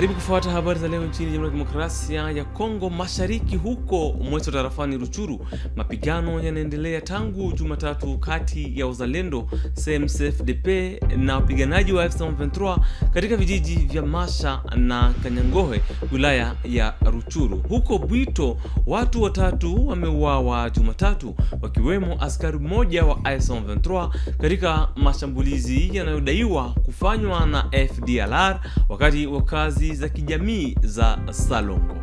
Karibu kufuata habari za leo nchini Jamhuri ya Kidemokrasia ya Kongo Mashariki, huko Mweso tarafani Ruchuru. Mapigano yanaendelea tangu Jumatatu kati ya uzalendo CMCFDP na wapiganaji wa M23 katika vijiji vya Masha na Kanyangohe, wilaya ya Ruchuru. Huko Bwito, watu watatu wameuawa Jumatatu, wakiwemo askari mmoja wa M23 katika mashambulizi yanayodaiwa kufanywa na FDLR, wakati wakazi za kijamii za Salongo.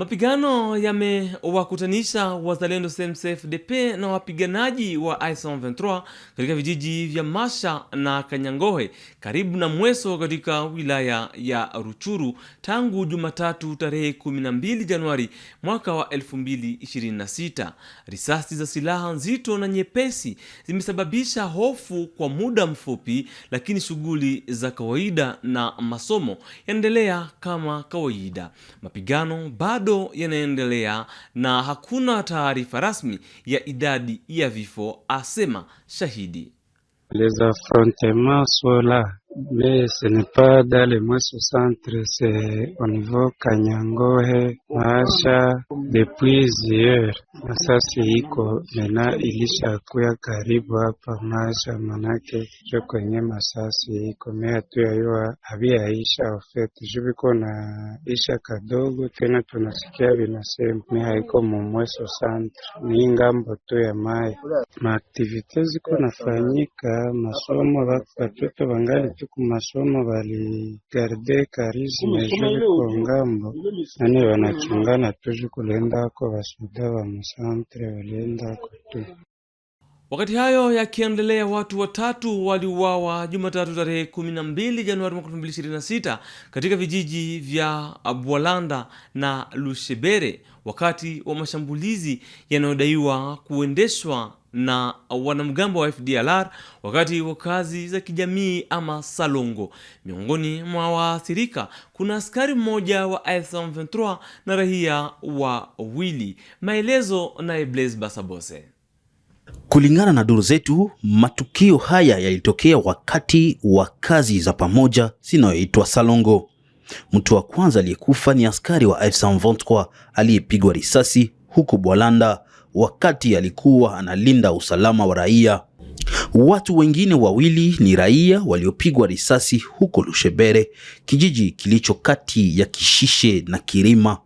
Mapigano yamewakutanisha wazalendo CMCFDP na wapiganaji wa M23 katika vijiji vya Masha na Kanyangohe karibu na Mweso katika wilaya ya Ruchuru tangu Jumatatu tarehe 12 Januari mwaka wa 2026. Risasi za silaha nzito na nyepesi zimesababisha hofu kwa muda mfupi, lakini shughuli za kawaida na masomo yanaendelea kama kawaida. Mapigano bado bado yanaendelea na hakuna taarifa rasmi ya idadi ya vifo, asema shahidi mais ce n'est pas dans les Mouessou centre, c'est au niveau Kanyangohe, Maasha, depuis hier. Ça, c'est iko mena ilishakuya karibu hapa Maasha, manake jo kwenye masasi iko tout à l'heure, ofeti vie à isha kadogo tena, tunasikia mais à Iko, mon Mouessou centre, ni ngambo tu ya mai. Maaktivite ziko nafanyika, masomo tout à l'heure, kumasomo masomo baligarde karisma ezili ku ngambo nani banakingana tuzi kuliendako basoda wa musantre waliendako tu Wakati hayo yakiendelea, watu watatu waliuawa Jumatatu tarehe 12 Januari mwaka 2026 katika vijiji vya Bwalanda na Lushebere wakati wa mashambulizi yanayodaiwa kuendeshwa na wanamgambo wa FDLR wakati wa kazi za kijamii ama Salongo. Miongoni mwa waathirika kuna askari mmoja wa M23 na raia wili Maelezo naye Blaise Basabose. Kulingana na duru zetu, matukio haya yalitokea wakati wa kazi za pamoja zinayoitwa Salongo. Mtu wa kwanza aliyekufa ni askari wa M23 aliyepigwa risasi huko Bwalanda wakati alikuwa analinda usalama wa raia. Watu wengine wawili ni raia waliopigwa risasi huko Lushebere, kijiji kilicho kati ya Kishishe na Kirima.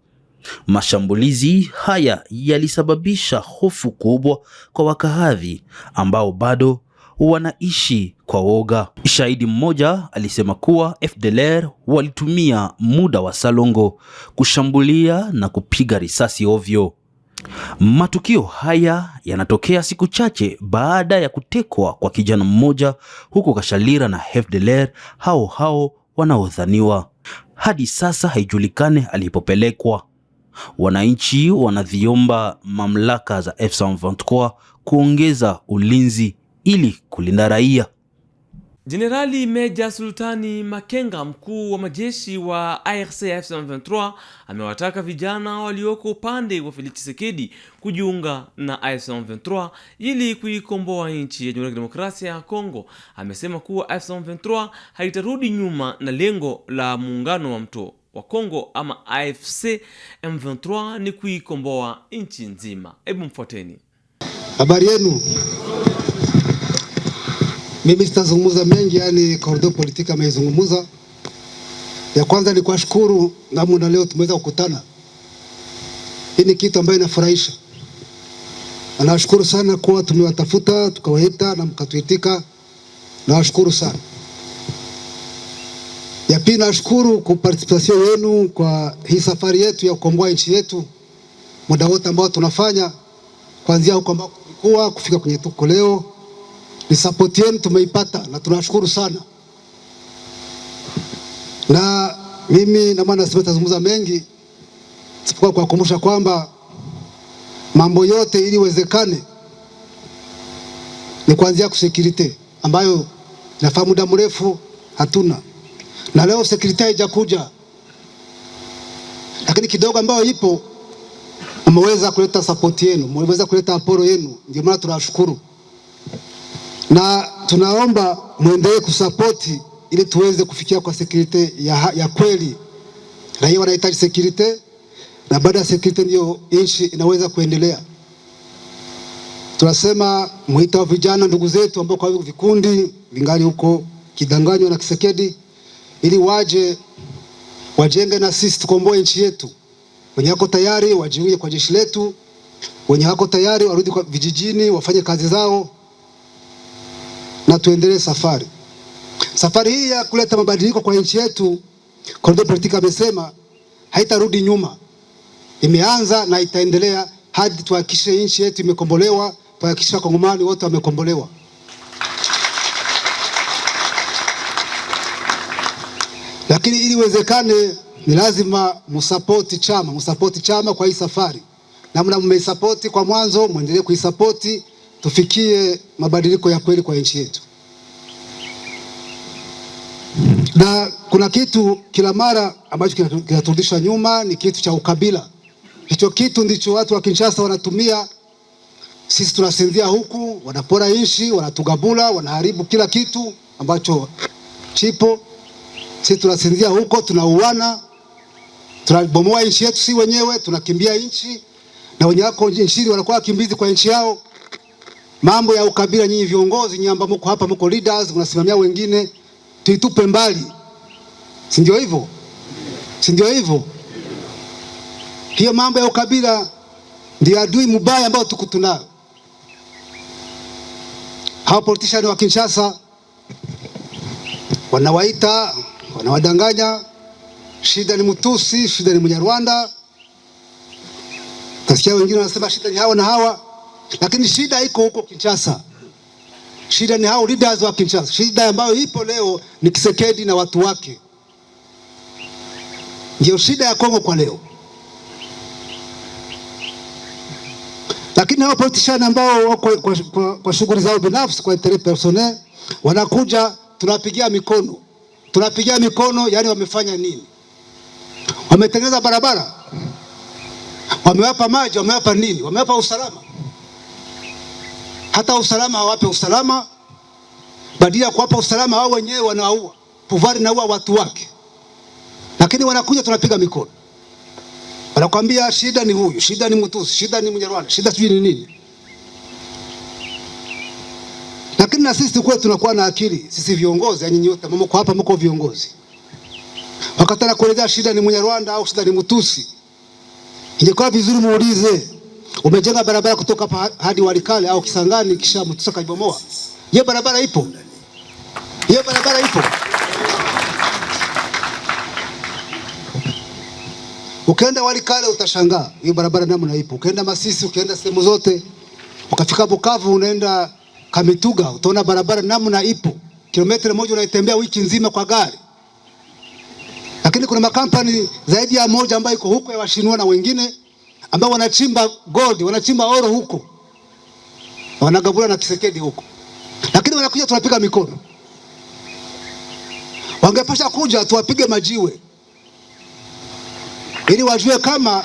Mashambulizi haya yalisababisha hofu kubwa kwa wakahadhi ambao bado wanaishi kwa woga. Shahidi mmoja alisema kuwa FDLR walitumia muda wa Salongo kushambulia na kupiga risasi ovyo. Matukio haya yanatokea siku chache baada ya kutekwa kwa kijana mmoja huko Kashalira na FDLR hao hao wanaodhaniwa hadi sasa haijulikane alipopelekwa. Wananchi wanaziomba mamlaka za f 23 kuongeza ulinzi ili kulinda raia. Jenerali Meja Sultani Makenga, mkuu wa majeshi wa arc f 23 amewataka vijana walioko upande wa Felix Tshisekedi kujiunga na AFC 23 ili kuikomboa nchi ya Jamhuri ya Kidemokrasia ya Kongo. Amesema kuwa f M23 haitarudi nyuma na lengo la muungano wa mto wa Kongo ama AFC M23 ni kuikomboa nchi nzima. Hebu mfuateni. Habari yenu? Mimi sitazungumza mengi, yani corridor politique ameizungumza. Ya kwanza ni kuwashukuru namna leo tumeweza kukutana. Hii ni kitu ambayo inafurahisha. Nawashukuru sana kuwa tumewatafuta tukawaita na mkatuitika, nawashukuru sana. Ya pili, nashukuru kwa participation yenu kwa hii safari yetu ya kukomboa nchi yetu, muda wote ambao tunafanya kuanzia huko ambao kulikuwa kufika kwenye tuko leo ni sapoti yenu tumeipata na tunashukuru sana. Na mimi na maana tazungumza mengi sipokuwa kuwakumbusha kwamba mambo yote ili iwezekane ni kuanzia kusekirite ambayo nafahamu muda mrefu hatuna, na leo sekirite haijakuja, lakini kidogo ambayo ipo mmeweza kuleta sapoti yenu, mmeweza kuleta aporo yenu, ndio maana tunashukuru na tunaomba mwendelee kusapoti ili tuweze kufikia kwa security ya, ya kweli. Raia wanahitaji security na baada ya security ndiyo nchi inaweza kuendelea. Tunasema mwita wa vijana ndugu zetu ambao kwa vikundi vingali huko kidanganywa na kisekedi, ili waje wajenge na sisi tukomboe nchi yetu. Wenye wako tayari wajiunge kwa jeshi letu, wenye wako tayari warudi kwa vijijini wafanye kazi zao na tuendelee safari. Safari hii ya kuleta mabadiliko kwa nchi yetu, Corridor Politique amesema haitarudi nyuma, imeanza na itaendelea hadi tuhakikishe nchi yetu imekombolewa, tuhakikishe wakongomani wote wamekombolewa. Lakini ili iwezekane, ni lazima msapoti chama, msapoti chama kwa hii safari. Namna mmeisapoti kwa mwanzo, mwendelee kuisapoti tufikie mabadiliko ya kweli kwa nchi yetu. Na kuna kitu kila mara ambacho kinaturudisha nyuma, ni kitu cha ukabila. Hicho kitu ndicho watu wa Kinshasa wanatumia. Sisi tunasinzia huku, wanapora nchi, wanatugabula, wanaharibu kila kitu ambacho chipo. Sisi tunasinzia huko, tunauana, tunabomoa nchi yetu si wenyewe, tunakimbia nchi na wenye wako nchini wanakuwa wakimbizi kwa nchi yao. Mambo ya ukabila, nyinyi viongozi, nyinyi ambao mko hapa, mko leaders, mnasimamia wengine, tuitupe mbali, si ndio hivyo? Si ndio hivyo? Hiyo mambo ya ukabila ndio adui mbaya ambao tuko tunao. Hawa politician wa Kinshasa wanawaita, wanawadanganya, shida ni Mtusi, shida ni Mnyarwanda. Tasikia wengine wanasema shida ni hawa na hawa lakini shida iko huko Kinshasa. Shida ni hao leaders wa Kinshasa. Shida ambayo ipo leo ni Kisekedi na watu wake, ndio shida ya Kongo kwa leo. Lakini hao politician ambao kwa, kwa, kwa, kwa, shughuli zao binafsi kwa interet personnel wanakuja, tunapigia mikono, tunapigia mikono. Yani wamefanya nini? Wametengeneza barabara, wamewapa maji, wamewapa nini, wamewapa usalama hata usalama hawape usalama, badala ya kuwapa usalama wao wenyewe wanaua. Puvari naua watu wake, lakini wanakuja tunapiga mikono, wanakwambia shida ni huyu, shida ni Mtusi, shida ni Mnyarwanda, shida sijui ni nini. Lakini na sisi kwetu tunakuwa na akili sisi viongozi, yani nyote kwa hapa, mko viongozi, wakati anakuelezea shida ni Mnyarwanda au shida ni Mtusi, ingekuwa vizuri muulize Umejenga barabara kutoka pa, hadi Walikale au Kisangani kisha mtusa akaibomoa. Hiyo barabara ipo. Hiyo barabara ipo. Ukienda Walikale utashangaa hiyo barabara namna ipo. Ukienda Masisi, ukienda sehemu zote, ukafika Bukavu, unaenda Kamituga, utaona barabara namna ipo. Kilomita moja unaitembea wiki nzima kwa gari. Lakini kuna makampani zaidi ya moja ambayo iko huko ya Washinua na wengine ambao wanachimba gold, wanachimba oro huko, wanagavula na kisekedi huko, lakini wanakuja tunapiga mikono. Wangepasha kuja tuwapige majiwe ili wajue kama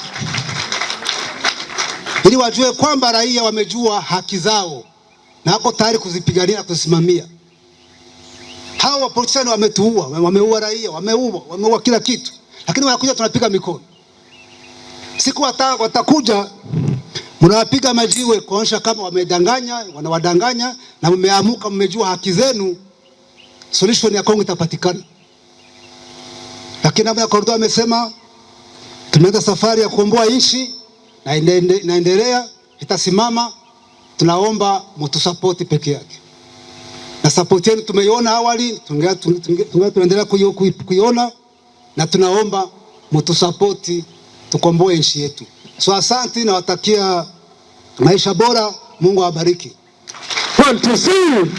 ili wajue kwamba raia wamejua haki zao na wako tayari kuzipigania na kuzisimamia. Hawa wapolisi wametuua, wameua raia, wameua, wameua kila kitu, lakini wanakuja tunapiga mikono siku wata, watakuja mnawapiga majiwe kuonyesha kama wamedanganya, wanawadanganya na mmeamuka, mmejua haki zenu, solution ya Kongo itapatikana. Lakini Kordo amesema tumeanza safari ya kuomboa nchi na inaendelea, itasimama. Tunaomba mtusapoti peke yake, na sapoti yenu tumeiona awali, tunaendelea kuiona na tunaomba mtusapoti tukomboe nchi yetu. So asante, nawatakia maisha bora, Mungu awabariki. One, two, three.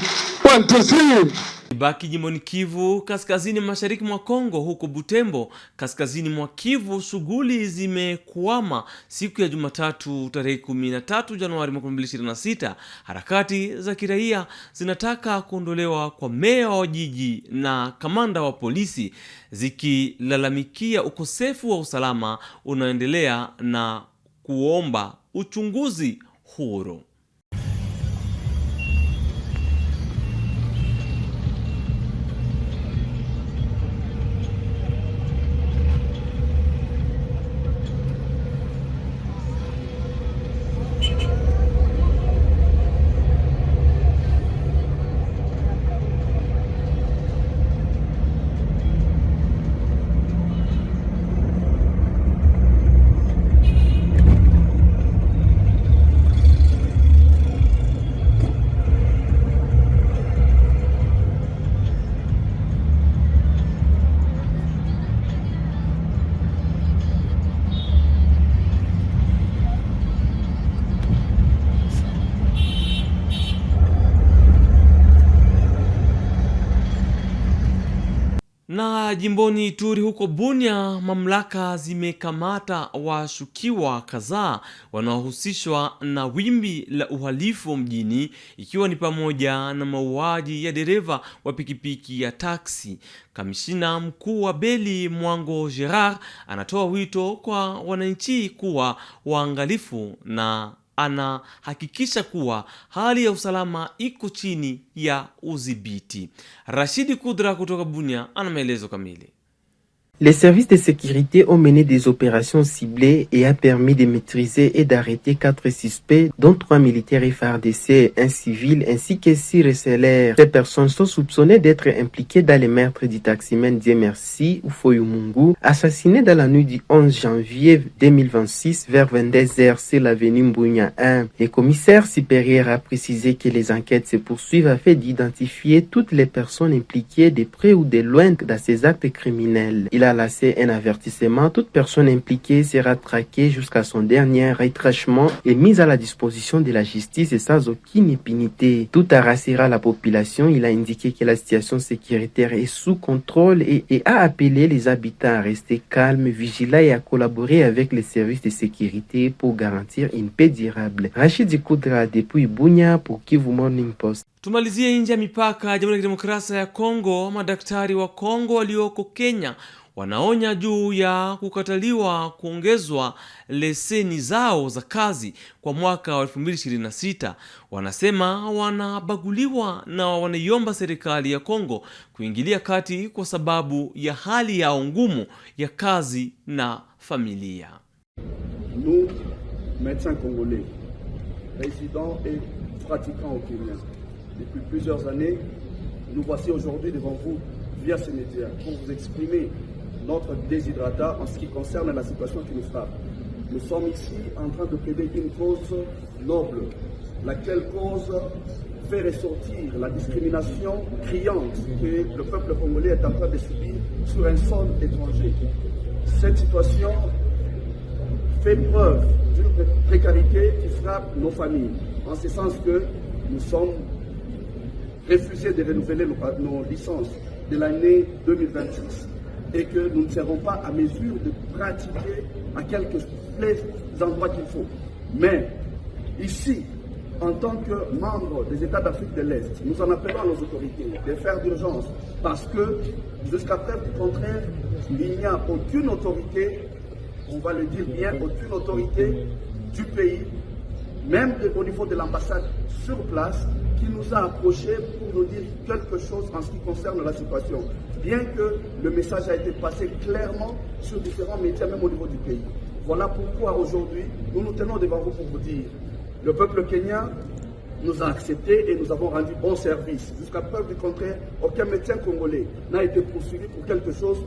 One, two, three. Baki jimboni Kivu kaskazini mashariki mwa Kongo, huko Butembo kaskazini mwa Kivu, shughuli zimekwama siku ya Jumatatu tarehe 13 Januari 2026. Harakati za kiraia zinataka kuondolewa kwa meya wa jiji na kamanda wa polisi zikilalamikia ukosefu wa usalama unaoendelea na kuomba uchunguzi huru. jimboni Ituri huko Bunia, mamlaka zimekamata washukiwa kadhaa wanaohusishwa na wimbi la uhalifu mjini, ikiwa ni pamoja na mauaji ya dereva wa pikipiki ya taksi. Kamishina mkuu wa Beli Mwango Gerard anatoa wito kwa wananchi kuwa waangalifu na anahakikisha kuwa hali ya usalama iko chini ya udhibiti. Rashidi Kudra kutoka Bunia ana maelezo kamili. Les services de sécurité ont mené des opérations ciblées et a permis de maîtriser et d'arrêter quatre suspects, dont trois militaires FARDC, un civil ainsi que six recelaires. Ces personnes sont soupçonnées d'être impliquées dans les meurtres du taximène merci ou Foyumungu, assassiné dans la nuit du 11 janvier 2026 vers 22h sur l'avenue Mbunya. 1. Le commissaire supérieur a précisé que les enquêtes se poursuivent afin d'identifier toutes les personnes impliquées de près ou de loin dans ces actes criminels. Il a Lassé un avertissement, toute personne impliquée sera traquée jusqu'à son dernier rétrachement et mise à la disposition de la justice et sans aucune impunité. Tout harassera la population. Il a indiqué que la situation sécuritaire est sous contrôle et, a appelé les habitants à rester calmes, vigilants et à collaborer avec les services de sécurité pour garantir une paix durable. Rachid Koudra depuis Bounia pour Kivu Morning Post. Tumalizie nje ya mipaka ya Jamhuri ya Kidemokrasia ya Kongo. Madaktari wa Kongo walioko Kenya wanaonya juu ya kukataliwa kuongezwa leseni zao za kazi kwa mwaka wa 2026. Wanasema wanabaguliwa na wanaiomba serikali ya Kongo kuingilia kati kwa sababu ya hali yao ngumu ya kazi na familia. Nous, depuis plusieurs années. Nous voici aujourd'hui devant vous via ces médias pour vous exprimer notre déshydratat en ce qui concerne la situation qui nous frappe. Nous sommes ici en train de plaider une cause noble, laquelle cause fait ressortir la discrimination criante que le peuple congolais est en train de subir sur un sol étranger. Cette situation fait preuve d'une précarité qui frappe nos familles, en ce sens que nous sommes refusé de renouveler nos licences de l'année 2026 et que nous ne serons pas à mesure de pratiquer à quelques endroits qu'il faut. Mais ici, en tant que membre des États d'Afrique de l'Est, nous en appelons à nos autorités de faire d'urgence parce que jusqu'à présent, du contraire, il n'y a aucune autorité, on va le dire bien, aucune autorité du pays, même au niveau de l'ambassade sur place, qui nous a approchés pour nous dire quelque chose en ce qui concerne la situation, bien que le message a été passé clairement sur différents médias, même au niveau du pays. Voilà pourquoi aujourd'hui, nous nous tenons devant vous pour vous dire, le peuple kenyan nous a acceptés et nous avons rendu bon service. Jusqu'à preuve du contraire, aucun médecin congolais n'a été poursuivi pour quelque chose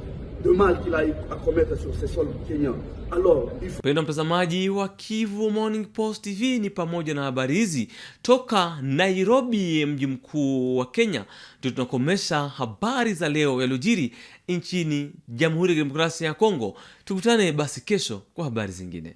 de mal qu'il a eu à commettre sur ces sols kenyans. Alors, mtazamaji wa Kivu Morning Post TV ni pamoja na habari hizi toka Nairobi, mji mkuu wa Kenya. Ndio tunakomesha habari za leo yaliyojiri nchini Jamhuri ya Kidemokrasia ya Kongo. Tukutane basi kesho kwa habari zingine.